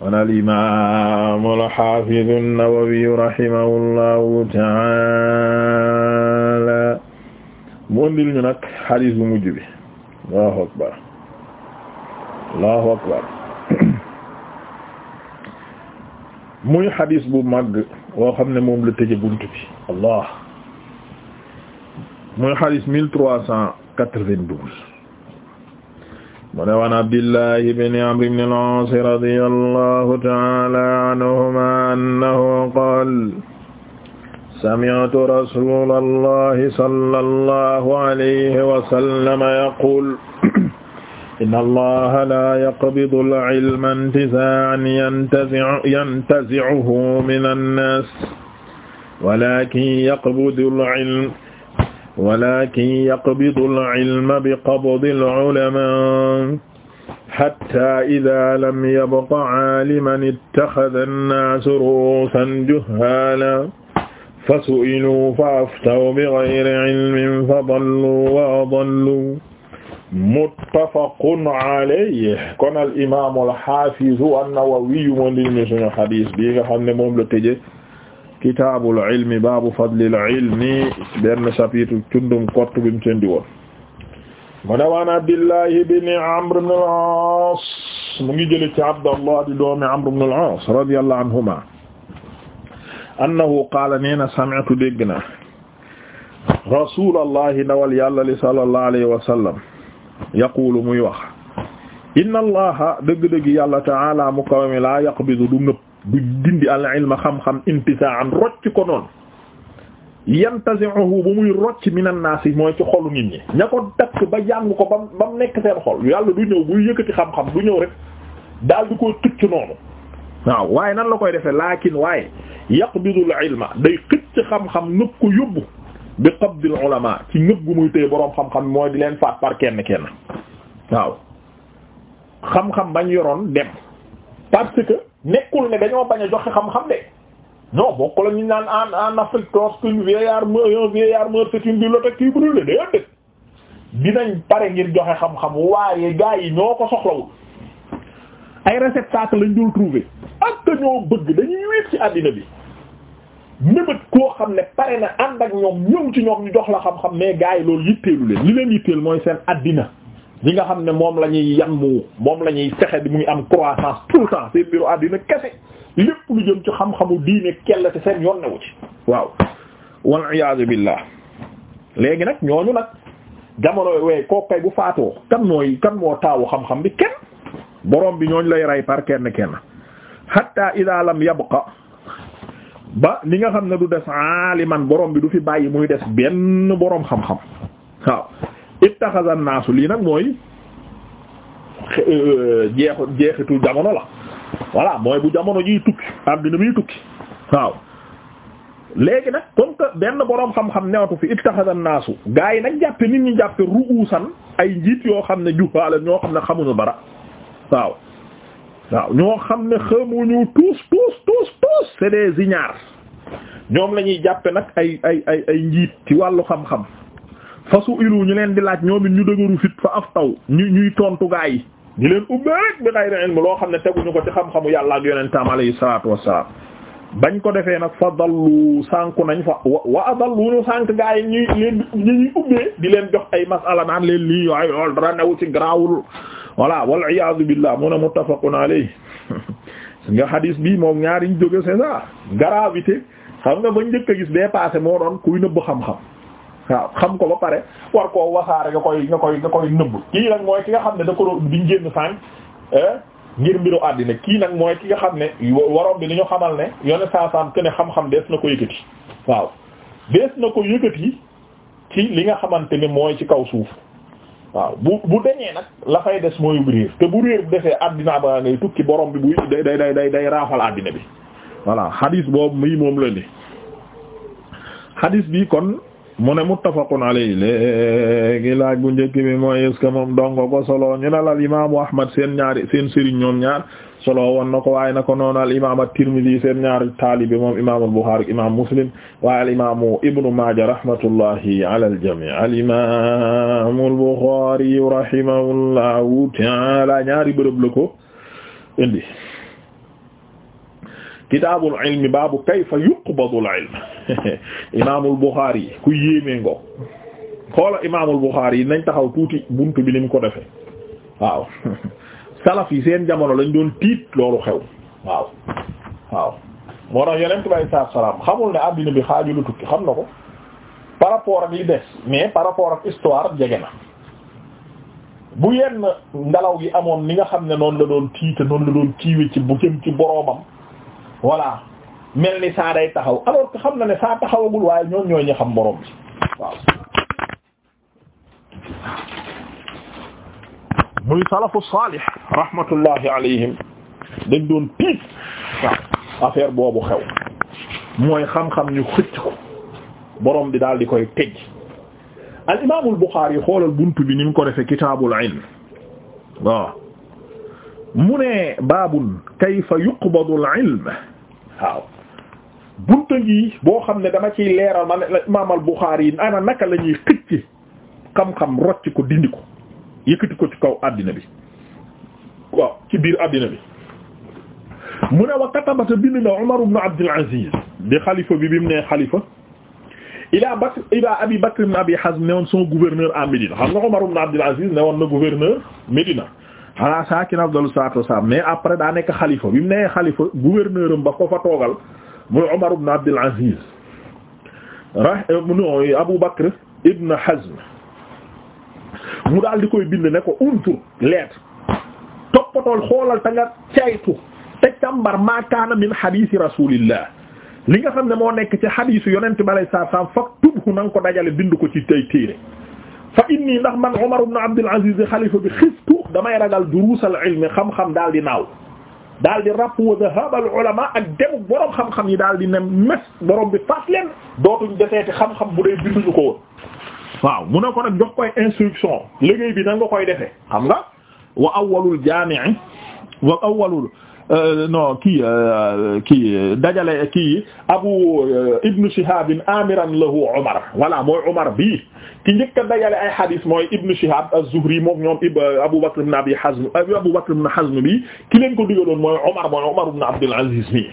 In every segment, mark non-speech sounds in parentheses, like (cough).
wan al-imaam al-haafiz an-Nawawi rahimahullahu ta'aala mu andil ñu nag xadiis bu mujj bi Allahu akbar Allahu akbar muy xadiis bu màgg woo xam ne moom la tëje bunt bi Allah muy xadiis mille trois cent quatre-vingt-douze mu ne waan abdillahi ibn amr ibn al-aas radiyallahu ta'ala anhuma annahu qaala sami'tu rasulallahi sallallahu alayhi wa sallam yaqul inna allaha la yaqbidu al-'ilma intizaa'an yantazi'uhu min an-naas walakin yaqbidu al-'ilma walakin yaqbidu al-ilma biqabdi al-ulama hatta ida lam yabqa aaliman ittaxada annaasu ruusan juhaala fa su'iluu fa aftaw bigayri cilmin fa dalluu wa adalluu muttafaqun alayhi kon al imaamu al xaafizu an-Nawawi yu ma ndil ñu suñu xadis bii nga xam ne moom la tëjee kitaabul ilmi baabu fadlil ilmi benn chapitre tundum kott bi mu sendi woon mu ne waan Abdillahi ibn Amr ibn al-As mu ngi jële ci Abdallah di doomi Amr ibn al-As radiyallahu anhuma annahu qaala nee na sami'tu dégg na rasulallahi ndawal yàlla li sallallahu alayhi wa sallam yaquulu muy wax inna allaha dëgg-dëgg yàlla ta'ala mu kaw mi laa yaqbidu du nëpp du dindi al ilma xam-xam intisaan rocc ko noonu yantazi'uhu bu muy rocc minan naas mooy ci xolu nit ñi ña ko dakk ba jàng ko bam ba mu nekk seen xol yàlla du ñëw buy yëkkati xam-xam du ñëw rek daal du koy xëcc noonu waaw waaye nan la koy defee laakin waaye yaqbidul ilma day xëcc xam-xam nëb ko yóbbu bi qabdil ulama ci nëb gu muy téye boroom xam-xam mooy di leen faat par kenn kenn waaw xam-xam bañ yoroon dem parce que nekkul ne dañoo bañ a joxe xam-xam de non bokkul ak ñu naan en en Afrique lorsqu'un vieillard meurt, un vieillard meurt, c'est une bibliothèque qui brûle déedéet dinañ pare ngir joxe xam-xam waaye gars yi ñoo ko soxlawul ay réceptacle lañ dul trouver ak ñoo bëgg dañuy wéet ci àddina bi nëbët koo xam ne pare na ànd ak ñoom ñëw ci ñoom ñu jox la xam-xam mais gars yi loolu yitteelu leen li leen yitteel mooy seen àddina. li nga xam ne moom la ñuy yammu moom la ñuy fexe di muy am croissance tout le temps seen biiru àddina kese lépp lu jëm ci xam-xamu diine kell te seen yoon newu ci waaw wal iyaazu billah léegi nag ñooñu nag jamono wee koo bu faatoo kan mooy kan moo taawu xam-xam bi kenn borom bi ñooñ lay rey par kenn kenn hatta ida lam yabqa ba li nga xam ne du des aaliman boroom bi du fi bàyyi muy des benn boroom xam-xam waaw ittaxaza naasu lii nag mooy euh, euh, jeexu jeexitu jamono la voilà mooy bu jamono ji tukki àddina bi tukki waaw léegi nag comme que benn boroom xam-xam newatu fi ittaxaza naasu gaa yi nag jàppe nit ñi jàppe ru'uusan ay njiit yoo xam ne juhaala ñoo xam ne xamuñu dara waaw ñoo xam ne xamuñu tous tous tous tous c'est des ñoom lañuy jàppe nag ay ay ay ay njiit ci wàllu xam-xam fasu ilu ñu leen di laaj ñoom it ñu dëgëru fit fa af taw ñu ñuy tontu gaa yi di leen ubbee rek bi xayri ilm loo xam ne teguñu ko ci xam-xamu yàlla ak yonentam alayhi salaatu wassalaam bañ ko defee nag fa dallu sànku nañ fa wa wa adallu ñu sànk gaa yi ñuy leen ñu ubbee di leen jox ay masala naan leen lii ay lool dara newu ci garaawul voilà wal iyaadu billah mu ne muttafaqun alayhi (laughs) nga xadiis bii moom ñaariñ jóge c'est ça gravité xam nga bañ njëkk a moo doon kuy nëbb xam waaw xam ko ba pare war koo wasaare nga koy nga koy koy nëbb kii nag mooy ki nga xam ne da ko doon biñ génn sànq eh, ngir mbiru àddina kii nag mooy ki nga xam ne waroon bi ni ñu xamal ne yone saasaam que ne xam-xam dees na ko yëkkati waaw dees na ko yëkkati kii li nga xamante ni mooy ci kaw suuf waaw bu bu deñee nag la fay des mooy bu réer te bu réer bu defee àddina ba ngay tukki borom bi buy day day day day raafal àddina bi voilà xadiis boobu mii moom la ni mu ne muttafaqun alayhi léegi laaj bu njëkk bi mooy est-ce que moom dongo ko solo ñu ne al imaamu Ahmad seen ñaari ñaar solo woon na ko waaye na ko noonu al imaam at-Tirmidhi seen ñaari taalibe moom imaamul Bukhari imaam Muslim waaye al imaamu Ibnu Maaja rahmatullahi ala al-jamii al imaamul Bukhari rahimahullahu ñaari bërëb la ko indi. kitaabul ilmi baabu kayfa yuqbadul ilm (laughs) imaamul yi ku yéeme ngo xoola imaamul Buxaari yi nañ taxaw tuuti buntu bi ni ko defee waaw (laughs) salaf yi seen jamono lañ doon tiit loolu xew waaw waaw moo tax yeneen bi saa salaam xamul ne àddina bi xaaju lu tukki xam na ko par rapport ak li des mais par rapport ak histoire jege na bu yenn ngelaw gi amoon ni nga xam ne noonu la doon tiite noonu la doon kiiwe ci bu jëm ci boroomam voilà mel ni saa day taxaw alors que xam na ne saa taxawagul waaye ñoom ñooy ñu xam borom bi waaw muy salafu salih rahmatullahi alayhim dañ doon piis waaw boobu xew mooy xam-xam ñu xëcc borom bi daal di koy tëj al imaamul Buxaari xoolal bunt bi ni mu ko defee kitaabul ilm waaw mu ne baabun kayfa waaw bunta ngi boo xam ne dama ciy leeral ma ne la imaam al Buxaari yi ana naka la ñuy xëcc xam-xam rocc ko dindi ko yëkkati ko ci kaw àddina bi waaw ci biir àddina bi mu ne wa katabata bind na Umar ibn Abdul Aziz di xalifa bi bi mu nee xalifa ila Bakr ila Abi Bakr ibn Abi Hazm ne woon son gouverneur à Médina xam nga Umar ibn Abdul Aziz ne woon na gouverneur Médina ala saakin afdalu salaatu wassalaam mais après daa nekk xalifa bi mu nee xalifa gouverneur am ba ko fa toogal muy Umar ibn Abdul Aziz rahno eh, Abu Bakr ibn Hazm mu daal di koy bind ne ko untur lettre toppatool xoolal ta nga caytu te càmbar maa kaana min hadisi rasulillah li nga xam ne moo nekk ci hadise yu yonente bi alay saat u salam faktubhu na nga ko dajale bind ko ci tay téere fa inni ndax man Umar ibn Abdul Aziz xalifa bi xiftu damay ragal durusal ilmi xam-xam daal di naaw daal di ràpp wa dhahabal ulama ak demu borom xam-xam yi daal di ne mes borom bi faat leen dootuñ deseeti xam-xam bu dee binduñu ko woon waaw mu ne ko nag jox koy instruction liggéey bi nan nga koy defee xam nga wa awwalul jaami'i wa awwalul Euh, non kii euh, euh, kii dajale kii abu ibnu shihab amiran lahu omar voilà mooy omar bii ki njëkk a dajale ay hadith mooy ibnu shihab az-zuhri moom ñoom abu bakr ibn abi hazm abu bakr ibn hazm bi ki leen ko digaloon mooy omar mooy omar ibn abdul aziz mi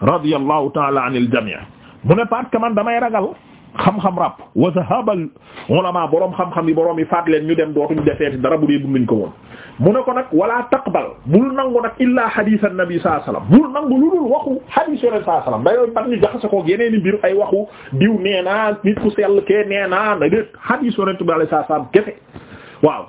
radiyallahu ta'ala anil jami' mu ne parce que man damay ragal xam-xam ràpp wa zahabal ulama boroom xam-xam yi boroom yi faat leen ñu dem dootuñu defeeti dara bu dee dunduñ ko woon mu ne ko nag wala taqbal bul nangu nag illaa hadith an-nabi sallallahu alayhi wasallam bul nangu lu dul waxu hadith yonent sallallahu alayhi wasallam dayooyu bat ñu jaxase ko yeneen i mbir ay waxu diw nee naa nit ku sell kee nee naa na déet hadith yonent bi sallallahu alayhi wasallam kese waaw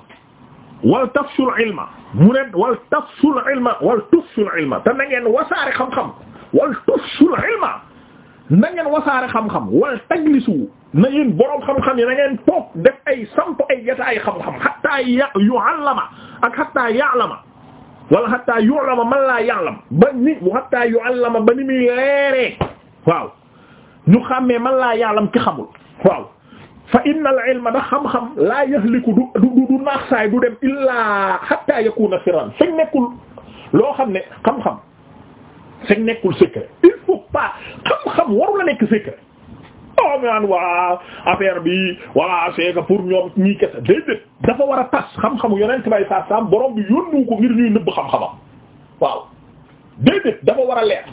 wal tafshul ilma mu ne wal tafshul ilma wal tufshul ilma te na ngeen wasaare xam-xam wal tufshul ilma na ngeen wasaare xam-xam wala tajlisu na yéen boroom xam-xam yi na ngeen def ay samp ay jataay xam-xam hatta yu'allama ak hatta ya'lama wala hatta yu'lama man la ya'lam ba ni hatta yu'allama ba ni muy leeree waaw ñu xàmmee man la ya'lam ki xamul waaw fa innal ilma da xam-xam la yahliku du du du du dem illaa hatta yakuna sirran fekk nekkul loo xam ne xam-xam faut pas xam-xam waru la nekk secret oh man voilà affaire bi voilà c'est que pour ñoom ñii kese déedéet dafa war a tas xam-xamu yonent bay saa saam borom bi yónnu ko ngir ñuy nëbb xam-xamam waaw déedéet dafa war a leer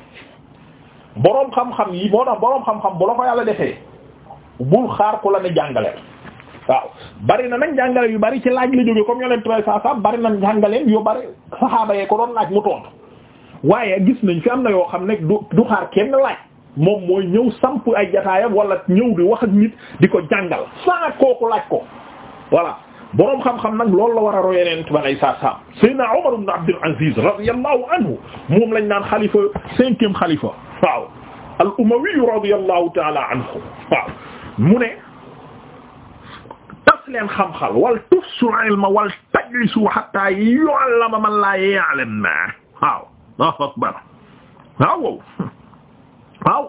boroom xam-xam yi moo tax boroom xam-xam bu la ko yàlla defee bul xaar ku la ne jàngale waaw bari na nag jàngale yu bari ci laaj la jógee comme yonent bay saa saam bari na jàngaleem yu bari saxaaba yee ko doon laaj mu tontu. waaye gis nañ fi am na yoo xam ne du du xaar kenn laaj moom mooy ñëw samp ay jataayam wala ñëw di wax ak nit di ko jàngal saa kooku laaj ko voilà boroom xam-xam nag loolu la war a roy yonent ba lay saa saam Seydina Umar ibn Abdul Aziz radiyallahu anhu moom lañ naan xalifa cinquième xalifa waaw al umawi radiyallahu ta'ala anhu mu ne tas leen xam-xal wal tufsu ilma wal tajlisu hatta yu'allama man la ya'lam waaw Allahu akbar waaw wow waaw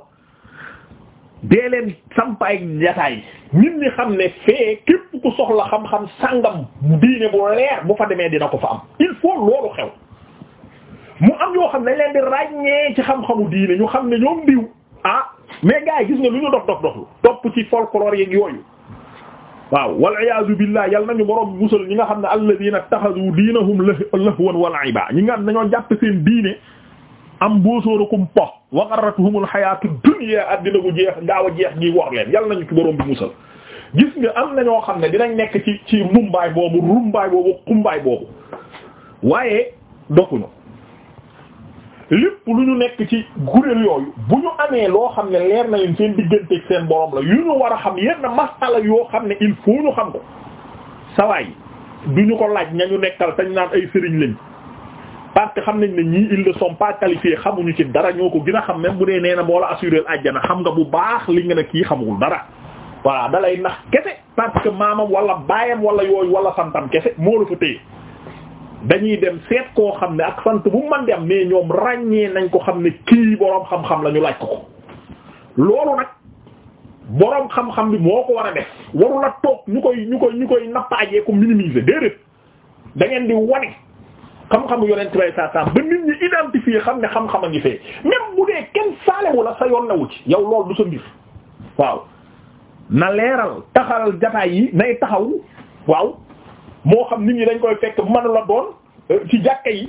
dee leen sampaay jataay nit ñi xam ne fee képp ku soxla xam-xam sàngam diine bu leer bu fa demee dina ko fa am il faut loolu xew mu am yoo xam ne leen di ràññee ci xam-xamu diine ñu xam ne ñoom diw ah mais gars yi gis nga lu ñu dox dox doxlu topp ci folklore yeeg yooyu waaw wal iyaazu billah yal nañu borom musal ñi nga xam ne alladina taxadu diinahum lahwan wa la'iba ñi nga xam ne dañoo jàpp seen diine am boosoorakum po wa garratuhumul hayaatu dunya addina bu jeex gaaw a jeex gi wax leen yal nañu ci borom bi musal. gis nga am na ñoo xam ne dinañ nekk ci ci mumbaay boobu rumbaay boobu kumbaay boobu waaye dokuñu lépp lu ñu nekk ci gureel yooyu bu ñu amee loo xam ne leer na leen seen digganteeg seen borom la yu ñu war a xam yenn la yoo xam ne il faut ñu xam ko sawaay du ñu ko laaj ñu nekkal tañ naan ay sëriñ lañ parce que xam nañ ne ñii ils ne sont pas qualifiés xamuñu ci dara ñoo ko gin a xam même bu dee nee na moo la assuré àjjana xam nga bu baax li nga ne kii xamul dara voilà dalay nax kese parce que maamam wala baayam wala yooyu wala santam kese moo la fa dañuy dem seet koo xam ne ak sant bu man di am mais ñoom ràññee nañ ko xam ne kii boroom xam-xam la ñu laaj ko loolu nag boroom xam-xam bi moo ko war a def waru la toog ñu koy ñu koy ñu koy nappaajee ko minimiser déedéet da ngeen di wane xam-xamu yonent bay saa saa ba nit ñi identifier xam ne xam-xam a ngi fee même bu dee kenn saale wu la sa yoon newu ci yow loolu du sa mbir waaw na leeral taxal jataay yi nay taxaw waaw moo xam nit ñi dañ koy fekk bu mënu la doon euh, ci jàkka yi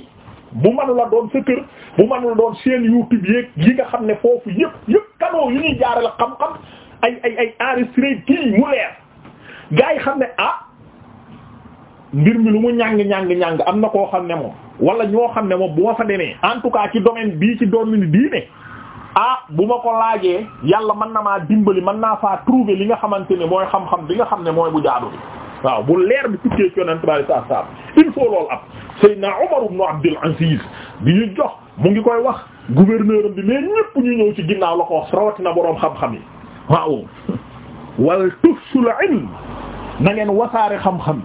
bu mënu la doon sa kër bu mënu la doon seen YouTube yeeg yi nga xam ne foofu yëpp yëpp canaux yu ñuy jaarale xam-xam ay ay ay enregistré kii mu leer gars yi xam ne ah mbir mi lu mu ñàng ñàng ñàng am na koo xam ne moom wala ñoo xam ne moom bu ma fa demee en tout cas ci domaine bii ci domaine diine ah bu ma ko laajee yàlla mën na maa dimbali mën naa fa trouver li nga xamante ne mooy xam-xam bi nga xam ne mooy bu jaadu waaw bu leer bi tukkee ci yonent bi saa saam il faut loolu ab Seydina Umar ibn Abdul Aziz bi ñu jox mu ngi koy wax gouverneur am bi mais ñëpp ñu ñëw ci ginnaaw la ko wax rawatina boroom xam-xam yi waaw wal tufsul ilm na ngeen wasaare xam-xam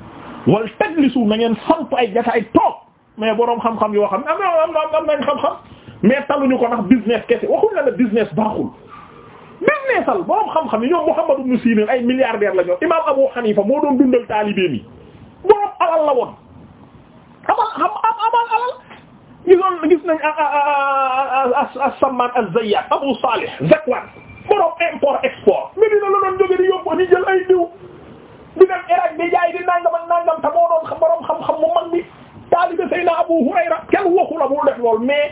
wal tajlisu na ngeen sant ay jataay toog mais boroom xam-xam yoo xam am am am nañ xam-xam mais ñu ko nax business kese waxuñ la la business baaxul businessal borom xam-xam yi ñoom Muhammad ibn Sirin ay milliardaire la ñoom imam Abu Hanifa moo doon dundal taalibe mi borom alal la woon amal am amal alal gisoon gis nañ as-Samman az-Zayyat Abu Salih Zakwan borom import export Medina la doon jóge di yóbbu ñu jël ay diw di dem Irak di jaay di nangam ak nangam te moo doon borom xam-xam mu mag bi taalibe Seydina Abu Hurayra kenn waxu la bu def lool mais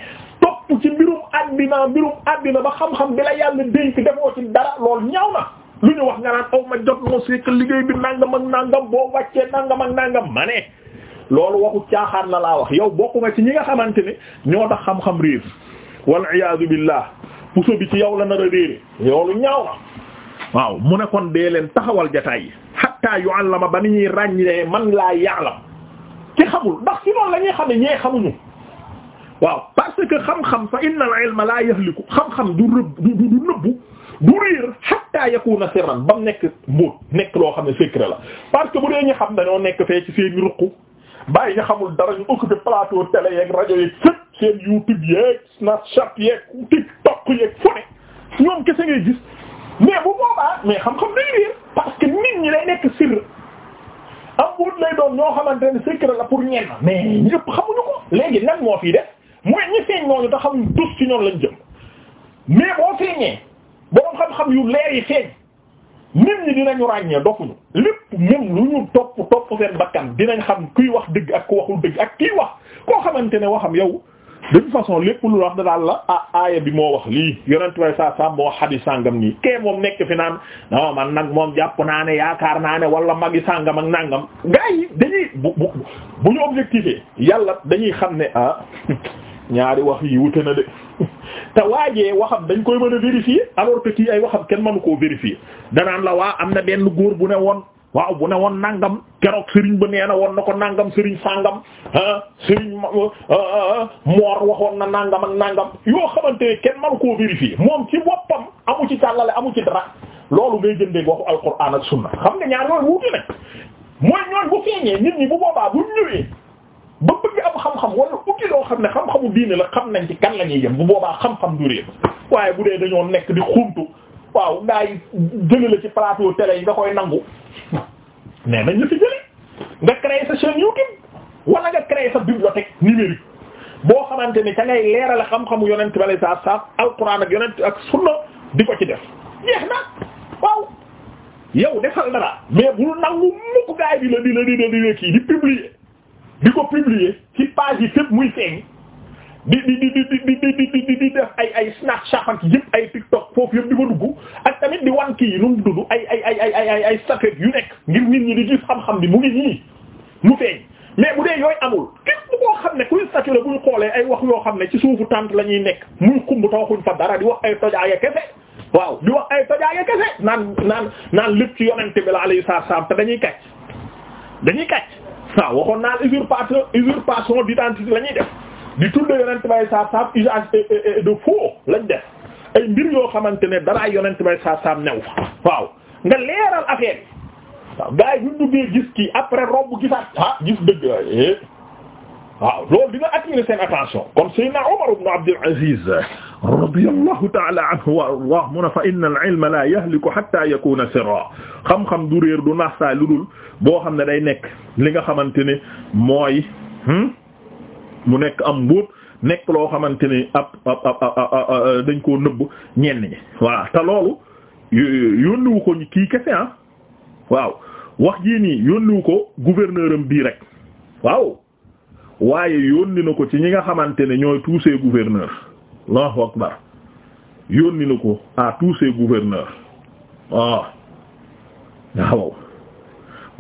topp ci mbirum àddina mbirum àddina ba xam-xam bi la yàlla dénk defoo ci dara lool ñaaw na lu ñu wax nga naan aw jot moo seq liggéey bi nangam ak nangam boo wàccee nangam ak nangam ma ne loolu waxu caaxaan la laa wax yow bokk nga ci ñi nga xamante ne ñoo tax xam-xam réer wal iyaadu billah puso bi ci yow la nar a réere loolu ñaaw na waaw mu ne kon dee leen taxawal jataay yi hatta yu'allama ba ni ñuy ràññee man laa yàlla ci xamul ndax ci loolu la xam ne ñee xamuñu waaw parce que xam-xam fa inna al ilma la yahliku xam-xam du rëbb du du nëbbu du réer hatta yakuna sirran ba mu nekk mbóot nekk loo xam ne secret la parce que bu dee ñu xam dañoo nekk fee ci seen ruq bàyyi ñu xamul dara ñu occupé plateau télé yeeg rajo yeeg fépp seen YouTube yeeg Snapchat yeeg TikTok yeeg fu ne ñoom kese ngay gis mais bu boobaa mais xam-xam day réer parce que nit ñi lay nekk sirr am mbóot lay doon ñoo xamante ne secret la pour ñenn mais ñëpp xamuñu ko léegi nan moo fii def mooy ñi feeñ ñooñu te xamuñ dus ci ñoom lañ jëm mais boo feeñee boroom xam-xam yu leer yi feeñ nit ñi dinañu ràññee dofuñu lépp même lu ñu topp topp seen bakkan dinañ xam kuy wax dëgg ak ku waxul dëgg ak kiy wax koo xamante ne waxam yow de toute façon lépp lu wax da daal la ah aaya bi moo wax lii yonent way saa saa moo xadi sàngam nii kee moom nekk fi naan non man nag moom jàpp naa ne yaakaar naa ne wala magi sàngam ak nàngam gars dañuy bu bu bu ñu objectifé yàlla dañuy xam ne ah, (laughs) ñaari wax yi wute na de (laughs) te waajee waxam dañ koy mën a vérifier alors que kii ay waxam kenn mënu koo vérifier danaan la waa am na benn góor bu ne woon waaw bu ne woon nangam keroog Serigne ba nee na woon na ko nangam Serigne sangam ah Serigne ah, ah, ah, Mor waxoon na nangam ak nangam yoo xamante ne kenn mënu koo vérifier moom ci boppam amu ci tàllale amu ci dara loolu ngay jëndee waxu alquran ak sunna xam nga ñaar yooyu wuute na mooy ñooñu bu feeñee nit ñi bu boobaa ba bëgg am xam-xam wala uti loo xam ne xam-xamu diine la xam nañ ci kan la ñuy yem bu boobaa xam-xam du réer waaye bu dee dañoo nekk di xuntu waaw ngaa yi jëli la ci plateau télé yi nga koy nangu mais nañ la fi jëli nga créer sa chaîne YouTube wala nga créer sa bibliothèque numérique boo xamante ni ca ngay leerale xam-xamu yonent bale sa saaf alquran ak yonent ak sunna di ko ci def jeex na waaw yow defal dara mais bul nangu mukk gaay bi la di la di la di di di ko publier ci page yi fépp muy feeñ di di di di di di di di def ay ay Snapchat ak yëpp ay TikTok foofu yëpp di ko dugg ak tamit di wan kii yi nu mu dudd ay ay ay ay ay yu nekk ngir nit ñi di gis xam-xam bi mu ngi nii mu feeñ mais bu dee yooyu amul képp koo xam ne kuy statue la buñ xoolee ay wax yoo xam ne ci suufu tànt la ñuy nekk muy xumb ta waxuñ fa dara di wax ay tojaaya kese waaw di wax ay tojaaya kese naan naan naan lépp ci yonente bi la alayhi salaam te dañuy kàcc dañuy kàcc waaw waxoon naa la usurpation usurpation d'identité la ñuy def di tudde yonent bay saa saam usage de faux lañ def ay mbir yoo xamante ne dara yonent bay saa saam new waaw nga leeral affaire waaw gars yi buñ duggee gis kii après robb gisaat ah gis dëgg eh. waaw loolu dina attirer seen attention comme Seydina Omar ibn Abdul Aziz radiyallahu ta'ala anhu wa ardah mu ne fa inna al-ilma la yahliku hatta yakuna sirra xam-xam du réer du nax saa lu dul boo xam ne day nekk li nga xamante ne mooy hmm? mu nekk am mbóot nekk loo xamante ne ab ab ab dañ koo nëbb ñenn ñi voilà te loolu yónniwu ko kii kese ah waaw wax jii nii yónniwu ko gouverneur am bii rek waaw waaye yónni na ko ci ñi nga xamante ne ñooy tous ces gouverneurs Allahu akbar yónni na ko à tous ces gouverneurs waaw ah. waaw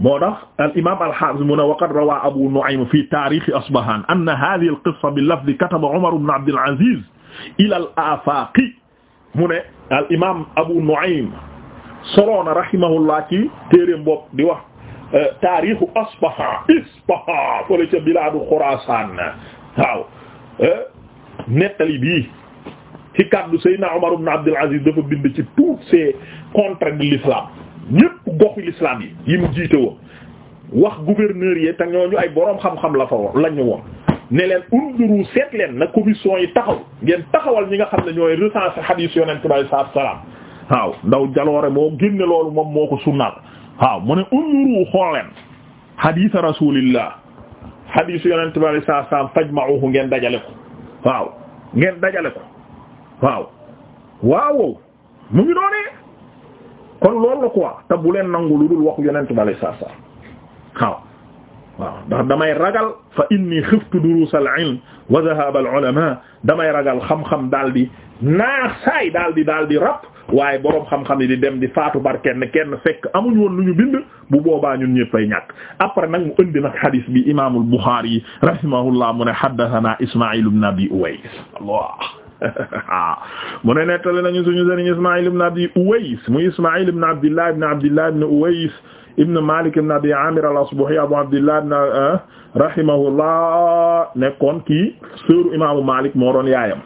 moo tax al imaam al haafis mu ne waqad rawaa abu nu'aym fi taarixi asbahaan anna haadhihi al qissa bil lafzi kataba umar ibn abd al aziz ila al aafaaqi mu ne al imaam abu nu'aym soroona rahimahullah ci téereem bopp di wax. taarixu Asbahan Isbahan fële ca bilaadu Xuraasaan waaw nettali bii ci kàddu na Umar ibn Abdul Aziz dafa bind ci tous ces contrées de l'islam ñépp goxu l'islam yi yi mu jiite woon wax gouverneurs yi te ñooñu ay boroom xam-xam la fa woon la ñu woon ne leen unduru seet leen na commission yi taxaw ngeen taxawal ñi nga xam ne ñooy recenser hadith yonent bi sallallahu alayhi waaw ndaw jaloore moo génne loolu moom moo ko sunnaal waaw mu ne unzuru xool leen hadith hadith yonent bi alayhi salaatu salaam fajma'uhu ngeen dajaleko ko waaw ngeen dajale ko waaw waaw mu ngi kon loolu la quoi leen nangu lu dul waxu yonent bi alayhi salaatu salaam damay ragal fa inni xiftu al ilm wa dhahab al ulama damay ragal xam-xam daal di naax saay daal di daal di rab waaye boroom xam-xam yi di dem di faatu bar kenn kenn fekk amuñ woon lu ñu bind bu boobaa ñu ñëpp ay ñàkk après nag mu indi nag xadis bi imaamul Buxaari rahimahullah mu ne haddathana Ismaa'il ibn Abi Uways (laughs) ah. mu ne nettali nañu suñu sëriñ Ismaa'il ibn Abi Uways muy Ismaa'il ibn Abdillah ibn Abdillah ibn Uways ibn Malik ibn Abi Amir al-Asbahi Abu Abdillah ibn ah, rahimahullah nekkoon kii sœuru imaamu Malik moo yaayam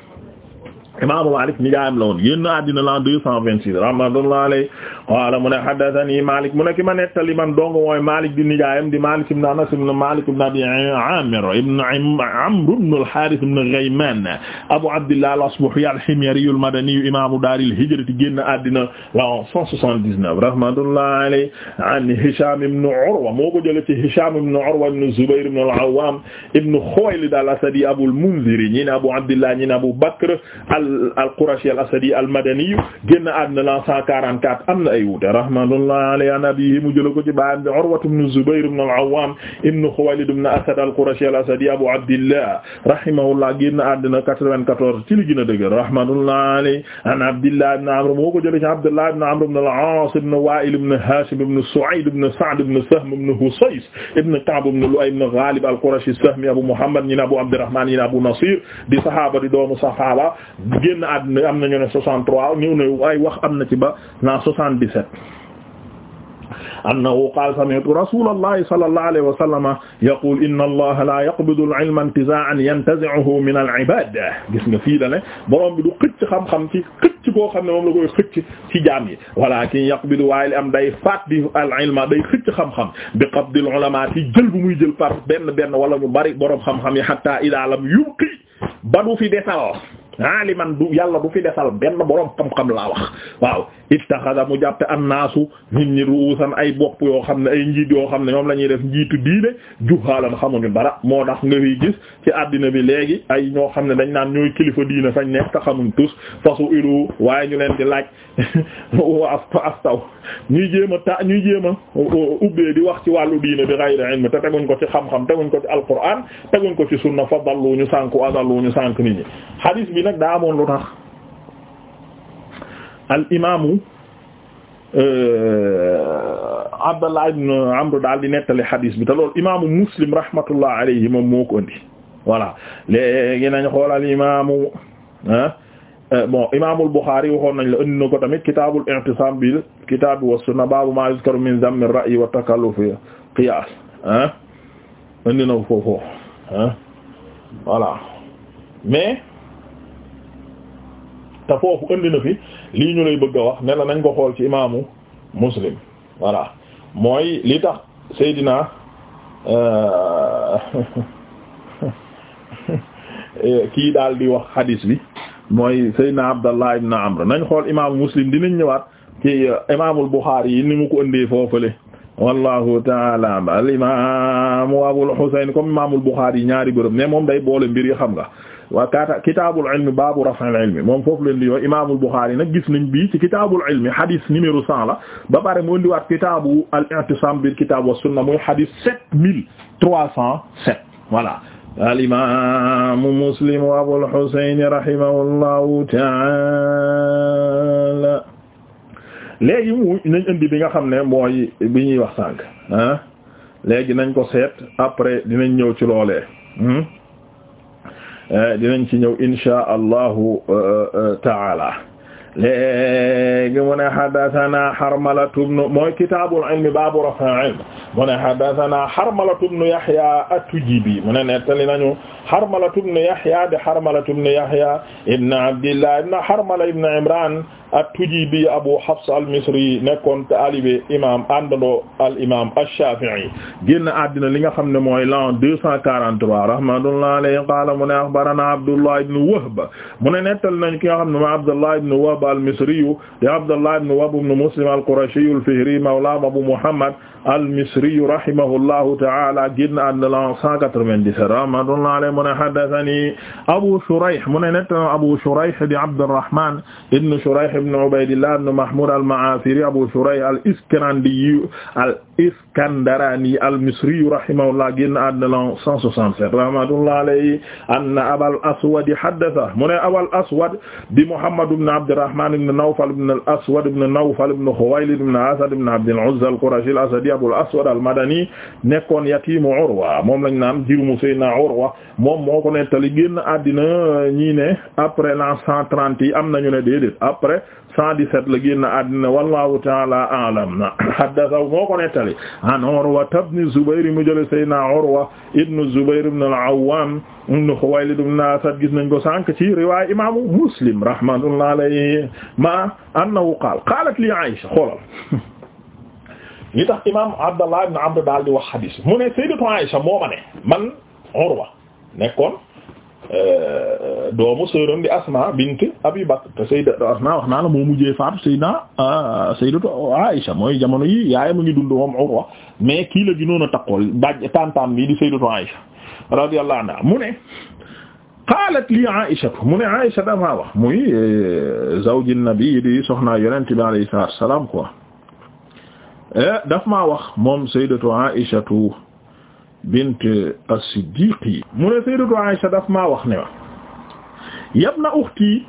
imaamu Maalik nijaayam la woon génn àddina l'an deux cent vingt-six rahmatullahi alayhi qaala mu ne haddathanii Maalik mu ne ki ma nettali man dong mooy Maalik di nijaayam di Maalik ibn Anas ibn Maalik ibn Abi Aamir ibn Amr ibn al-Haarith ibn Ghaymaan Abu Abdillah al-Asbahi al-Himyari al-Madani imaamu daar al-hijrati génn àddina l'an cent soixante-dix-neuf rahmatullahi alayhi an Hishaam ibn Urwa moo ko jëlee ci Hishaam ibn Urwa ibn Zubayr ibn al-Awwaam ibn Khuwaylid al-Asadi Abul Mundhir ñi ne Abu Abdillah ñi ne Abu Bakr al-Qurashi al-Asadi al-Madani génn àdduna la 144 am na ay wuute rahmatullahi alayhi an abiihi mu jël ko ci baayam bi Urwa ibn Zubayr ibn al-Awwam ibn Khuwaylid ibn Asad al-Qurashi al-Asadi Abu Abdillah rahimahullah génn àdduna 94 ci li gën a dëgër rahmatullahi alayhi an Abdillah ibn Amr moo ko jël ci Abdullah ibn Amr ibn al-As ibn Wa'il ibn Hashim ibn Su'ayd ibn Sa'd ibn Sahm ibn Husays ibn Ka'b ibn Lu'ay ibn Ghalib al-Qurashi as-Sahmi Abu Muhammad ñi ne Abu Abdurrahman ñi ne Abu Nasir di sahaaba di doomu sahaaba génn àdduna am nañu ne 63 ñëw na ay wax am na ci ba na 77. annahu qaala sami'tu rasulallahi sallallahu alayhi wa sallama yaqul inna allaha la yaqbidu al-ilma intizaa'an yantazi'uhu min al-ibaad gis nga fii da ne borom bi du xëcc xam-xam ci xëcc koo xam ne moom la koy xëcc ci jaam yi walaakin yaqbidu waaye li am day faat di al-ilma day xëcc xam-xam bi qabdi al-ulamaa ci jël bu muy jël par benn benn wala ñu bari borom xam-xam yi hatta idaa lam yubqi ba du fi desal aliman du yàlla du fi desal benn borom xam-xam laa wax waaw ittaxada mu jàppe annaasu nit ñi ruusan ay bopp yoo xam ne ay njiit yoo xam ne ñoom la ñuy def njiitu diine juhaalan xamuñu dara moo tax nga fiy gis ci àddina bi léegi ay ñoo xam ne dañ naan ñooy kilifa diine fañ nekk ta xamuñ tus fasu ilu waaye ñu leen di laaj (laughs) asta astaw ñuy jéem a ta ñuy jéem a uh, ubbee di wax ci wàllu diine bi ghayri ilm te teguñ ko ci xam-xam teguñ ko ci alquran teguñ ko ci sunna fa dallu ñu ñu sànk nit ñi hadith nag daa amoon lu tax al imaamu euh, Abdallah ibn Amr daal di nettali xadiis bi te loolu imaamu Muslim rahmatullah alayhi moom moo ko indi voilà léegi nañ xool al imaamu ah bon imaamul Buxaari waxoon nañ la indi na ko tamit kitaabul i'tisaam bil kitaabi wa sunna baabu maa yuzkaru min zammi ra'yi wa takallufi qiyaas ah indi na ko foofu ah voilà mais. te foofu indi na fi lii ñu lay bëgg a wax ne nañ ko xool ci imaamu muslim voilà mooy lii tax seydinaa euh, (laughs) kii daal di wax xadiis bi mooy Seydina Abdallah ibn Amr nañ xool imaamu muslim dinañ ñëwaat ci euh, imaamul Buxaari yi ni mu ko indee foofale wallahu taala al imaamu Abul Husayn comme imaamul Buxaari yi ñaari bërëb mais moom day boole mbir yi xam nga wa kaata kitaabul ilmi baabu raf'il ilmi moom foofu leen li wax imaamul Buxaari nag gis nañ bii ci kitaabul ilmi hadis numéro cent la ba pare mu indiwaat kitaabu al-i'tisaam bil kitaab wa sunna muy hadis sept mille trois cent sept voilà alimamu Muslim wa Abul Husayn rahimahullahu ta'ala léegi mu nañ indi bi nga xam ne mooy bi ñuy wax sànq ah léegi nañ ko seet après dinañ ñëw ci loolee hmm. Eh, dinañ ci ñëw insha allahu eh, eh, taala léegi mu ne haddathana Harmalatu bnu mooy kitaabul ilmi baabu raf'il ilm mu ne haddathana Harmalatu bnu Yahya at-Tujibi mu ne nettali nañu Harmalatu bnu Yahya de Harmalatu bnu Yahya ibn Abdillah ibn Harmala ibn Imran at-Tujibi Abu Hafs al-Misri nekkoon taalibe imaam àndandoo al imaam ash-Shafi'i génn àddina li nga xam ne mooy l'an deux cent quarante-trois rahmatullahi alayhi qaala mu ne akhbarana Abdullah ibn Wahb mu ne nettal nañ ki nga xam ne mooy Abdullah ibn Wahb al-Misri di Abdullah ibn Wahb ibn Muslim al-Qurashi al-Fihri mawla Abu Muhammad al-Misri rahimahullahu ta'ala génn àdduna la 197 rahmatullahi alayhi mu ne haddathani Abu Shurayh mu ne net Abu Shurayh di Abdurrahman ibn Shurayh ibn Ubaydillah ibn Mahmud al-Ma'afiri Abu Shurayh al-Iskandiyu al-Iskandiyu Kandaraani al-Misri rahimahullah génn àddina la 167 rahmatullahi alayhi anna Abal Aswad haddatha mu ne Abal Aswad di Muhammad ibn Abdirrahman ibn Nawfal ibn al-Aswad ibn Nawfal ibn Khuwaylid ibn Asad ibn Abd al-Uzza al-Qurashi al-Asadi Abul Aswad al-Madani nekkoon yatiimu Urwa moom lañ naan jirim Seydina Urwa moom moo ko nettali génn àddina ñii ne après l'an 130 yi am nañu ne déedéet après 117 la génn àddina wallahu ta'ala a'lam (coughs) haddatha moo ko nettali an Urwa ibn Zubayr mu jële Seydina Urwa ibn Zubayr ibn al-Awwam ibn Khuwaylid ibn Asad gis nañ ko sànq ci riwaaya imaamu Muslim rahmatullahi alayhi ma annahu qaala qaalat li Aïsha xoolal li tax imaam Abdallah ibn Amr daal di wax hadiis mu ne Sayyidatu Aïsha moo ma ne man Urwa nekkoon Euh, doomu sëram di Asma bint Abi Bakr te Sayyidatu Asma wax naa la moo mujjee faatu Sayyida ah, Sayyidatu Aïcha mooy jamono yi yaay mu ngi dund moom Urwa mais kii la gënoon a taqool bàjj tantam bi di Sayyidatu Aïcha radiyallahu anha mu ne qaalat lii Aïcha mu ne Aïcha damaa wax muy euh, zawji nabi di soxnaa yonent bi alayhi salaam quoi euh, daf maa wax moom Sayyidatu Aïcha bint as-Siddiqi mu ne Sayyidatu Aisha daf maa wax ne wa yabna ukhti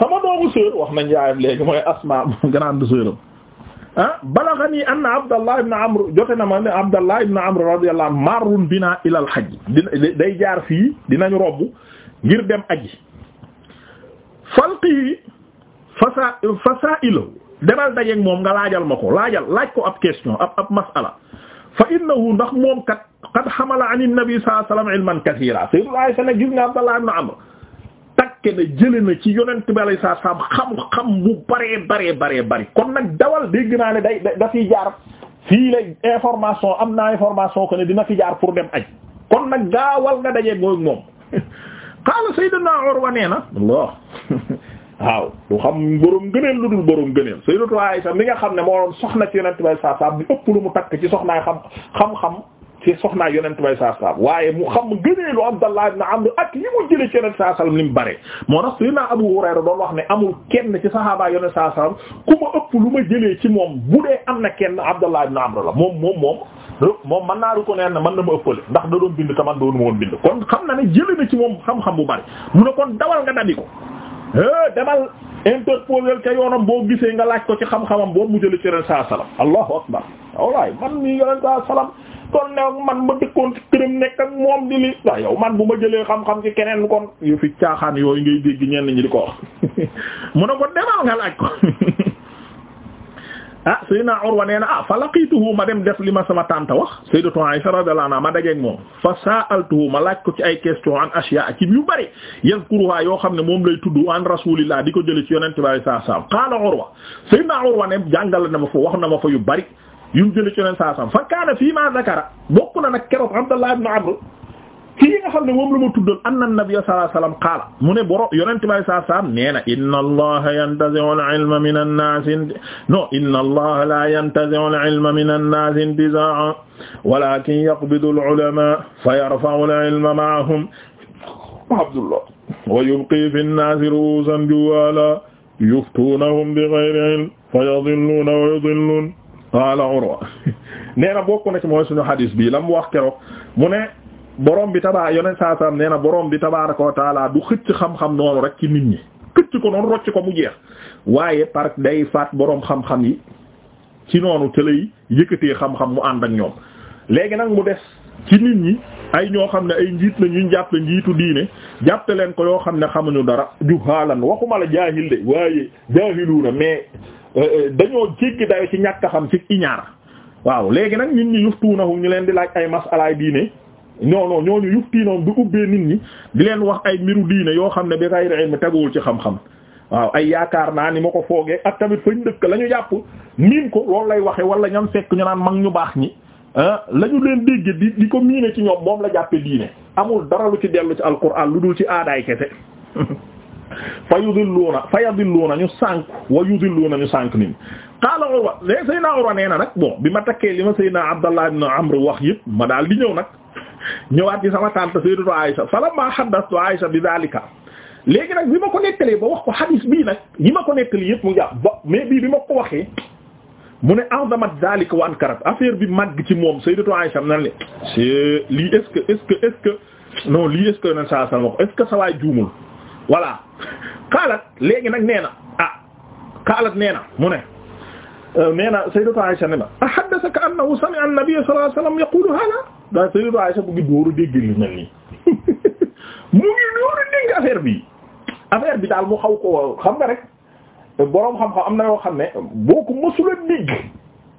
sama doomu sœur wax nañ yaayam léegi mooy Asma grande sœuram ah balaghani anna Abdallah ibn Amr jote na ma ne Abdallah ibn Amr radiyallahu anhu marrun bina ila al-hajj day jaar fii dinañ robb ngir dem aji falqi fasa fasailahu demal dajeeg moom nga laajal ma ko laajal laaj ko ab question ab ab masala fa innahu ndax moom kat qad xamala an nabi sallallahu alayhi wa sallam ilman kasiira sayyidul Aisha ne gis nga Abdallah ibn Amr takke na jële na ci yonent bi alayhi salaatu salaam xam-xam bu baree baree baree bari kon nag dawal dégg naa ne day da fiy jaar fii lay information am na information que ne dina fi jaar pour dem aj kon nag gaawal nga dajee mooy moom (laughs) qaala sayyiduna Urwa nee na Allah (laughs) waaw du xam borom gëneel lu dul borom gëneel sayyidatu Aisha mi nga xam ne moo doon soxna ci yonent bay saa saab bi ëpp lu mu takk ci soxnaay xam xam-xam ci soxnaa yonent bay saa saab waaye mu xam gëneelu Abdallah ibn Amr ak li mu jëlee ci yonent saa sallam li mu bare moo tax sayyidina Abu Hurayra doon wax ne amul kenn ci sahaaba yonent saa sallam ku ma ëpp lu ma jëlee ci moom bu dee am na kenn Abdallah ibn Amr la moom moom moom moom mën naa reconnaître ne mën na ma ëppale ndax da bind te man doonu ma kon xam na ne jëlee na ci xam-xam bu bari mu ne kon dawal nga ko Eh, demal interposer ca yoonam boo gisee nga laaj ko ci xam-xamam boo mu jëlee ci ren saa salaam allahu akbar walaay man mii ren saa salaam kon ne man ma dëkkoon ci këram nekk ak moom di li waaw yow man bu ma jëlee xam-xam ci keneen kon yu fi caaxaan yooyu ngay dégg ñenn ñi di ko wax (laughs) mu ne ko demal nga laaj ko (laughs) ah Seydina Urwa nee na ah fa laqituhu ma dem def li ma sama tante wax Sayyidatu Aisha radiyallahu anha ma dajeeg moom fa sa'altuhu ma laaj ko ci ay question an ashiya ci yu bëri yazkuruha yoo xam ne moom lay tudd an rasulillah di ko jële ci yonente bi sallallahu alayhi wasallam qaala Urwa Seydina Urwa ne jàngal na ma fa wax na ma fa yu bëri yu mu jële ci yonente sallallahu alayhi wasallam fa kaana fii ma zakara bokk na nag keroog Abdullah ibn Amr ci yi nga xam ne moom la ma tuddoon anna nabiyya sallallahu alayhi wasallam qaala mu ne boro yonente bi sallallahu alayhi wasallam nee na inna allaha yantazi'u al-ilma min an-nas no inna allaha la yantazi'u al-ilma min an-nas intiza'an walakin yaqbidu al-ulama fa yarfa'u al-ilma ma'ahum Abdullah wa yubqi fi an-nas ru'usan juwala yuftunahum bighayri ilm fa yadhilluna wa yudhillun qaala Urwa (laughs) nee na bokk na ci mooy suñu hadis bi lam wax keroog mu ne borom bi tabaa yoneen saa saam nee na borom bi tabaaraka wa taala du xëcc xam-xam noonu rek ci nit ñi xëcc ko noonu rocc ko mu jeex waaye par day faat boroom xam-xam yi ci noonu te lay yëkkatee xam-xam mu ànd ak ñoom léegi nag mu des ci nit ñi ay ñoo xam ne ay njiit la ñu jàpp njiitu diine jàpp leen ko yoo xam ne xamuñu dara juhaalan waxuma la jaahil de waaye jaahiluuna mais euh, euh, dañoo jéggi dayo ci ñàkk xam ci iñaar waaw léegi nag nit ñi yuftuunahum ñu leen di laaj ay masalaay diine non non ñooñu yuftii noonu ubbee nit ñi di leen wax ay mbiru diine yoo xam ne bi xayri ilm teguwul ci xam-xam waaw ay yaakaar naa ni ma ko foogee ak tamit fañ dëkk la jàpp miin ko loolu lay waxe wala ñam fekk ñu naan mag ñu baax ñi ah, lañu leen dégg di di ko miine ci ñoom moom la jàppe diine amul dara ci dellu ci alquran lu dul ci aadaay kese (laughs) fa yudilluuna fa yudilluuna ñu sànk wa yudilluuna ñu sànk nit qaala Urwa léegi Seydina Urwa nee na nag bi ma takkee li ma Seydina Abdallah ibn Amr wax yëpp ma daal di ñëw nag ñëwaat ci sama tante sayyidatu Aisha falamma haddathtu Aisha bi dhalika léegi nag bi ma ko nettalee ba wax ko hadis bii nag yi ma ko nettali yëpp mu jàpp ba mais bii bi ma ko waxee mu ne azamat dhalika wa ankarat affaire bi màgg ci moom sayyidatu Aisha nan le c'est lii est que est que est lii est-ce que yoneen saa sallam wax est-ce que sa waay juumul voilà xaalat léegi nag nee na ah xaalat nee na mu ne nee euh, na sayyidatu Aisha ne na ahaddasaka annahu sami'a an-nabiyya sallallahu alayhi wasallam yaqulu hada daa sayyidatu Aisha mu ngi dóor a dégg lu mel nii (laughs) mu ngi dóor a dégg affaire bi affaire bi daal mu xaw ko xam nga rek boroom xam-xam am na yoo xam ne boo ko mësula dégg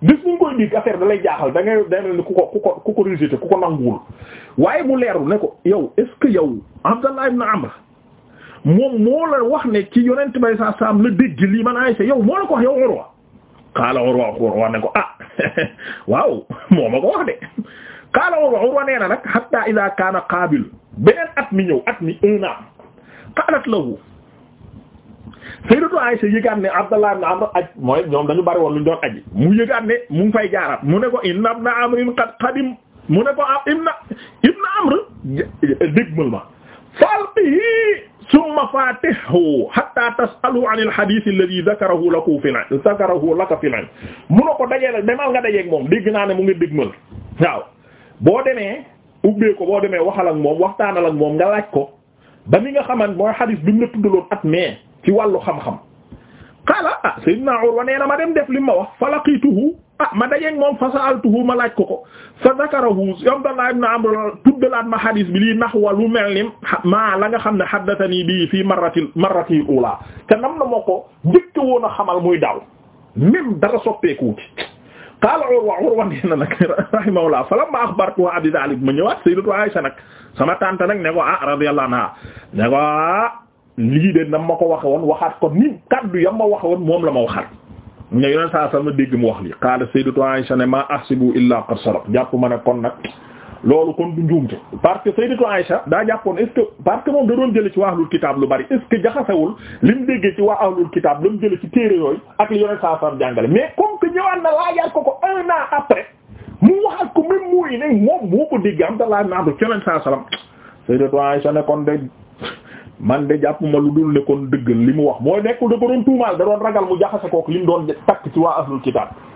gis ñu koy dégg affaire da lay jaaxal da ngay da ngay ku ko ku ko ku ko rejeté ku ko nanguwul waaye mu leeru ne ko yow est ce que yow Abdallah ibn Amr moom moo la wax ne ci yonent bay sa sam la dégg lii man Aisha yow moo la ko wax yow Urwa xaala Urwa Urwa ne ko ah (laughs) waaw moo ma ko wax a xaala Urwa Urwa nee na nag hatta ida kaana qaabil beneen at mi ñëw at mi un an qaalat lahu sayyidatu Aisha yëgaat ne Abdallah ibn Amr aj mooy ñoom dañu bari woon lu ñu doon aji mu yëgaat ne mu ngi fay jaarat mu ne ko inna ibn Amr qad qadim mu ne ko ibn ah, ibn Amr dégmal ma falqihi summa faatihu hatta tasalu an alhadith alladhi dhakarahu laku fi al dhakarahu laka fi al mu na ko dajee demal nga dajeeg moom dégg naa ne mu ngi dégmal waaw boo demee ubbee ko boo demee waxal ak moom waxtaanal ak moom nga laaj ko ba ni nga xamant mooy xadis bi mu la tuddaloon at mais ci wàllu xam-xam qaala ah sayyidna Urwa nee na ma dem def li ma wax fa laqituhu ah ma dajeeg moom fa sa'altuhu ma laaj ko ko fa zakarahu Abdallah ibn Amr tuddalaat ma xadis bi lii naxwa lu mel ni maa la nga xam ne haddathanii bii fii marratil marratil ula te nam na moo ko njëkk woon a xamal muy daaw même dara soppeeku qaala Urwa Urwa nee na nag rahimahullah falamma akhbartu abi dhalik ma ñëwaat sayyidatu Aisha nag sama tante nag ne ko ah radiyallahu anha ne ko ah lii de nam ma ko waxe woon waxaat ko ni kaddu yam ma waxe woon moom la ma waxaat ne yoneen saa sama dégg mu wax li qaala sayyidatu Aisha ne ma ahsibu illa qad saraq jàpp ma ne kon nag loolu kon du njuumte parce que sayyidatu Aisha daa jàppoon est-ce que parce que moom da doon jële ci waa ahlul kitaab lu bari est-ce que jaxasewul li mu déggee ci waa ahlul kitaab la mu jële ci téere yooyu ak li yoneen saa sama jàngale mais comme que ñëwaat na laajaat ko ko un après mu waxaat ko même mooy ne moom moo ko dégg am ta laaj naa man de jàpp ma lu dul ne kon dëggal li mu wax mooy nekkul da ko doon tuumaal da doon ragal mu jaxase li mu doon takk ci waa ahlul kitaab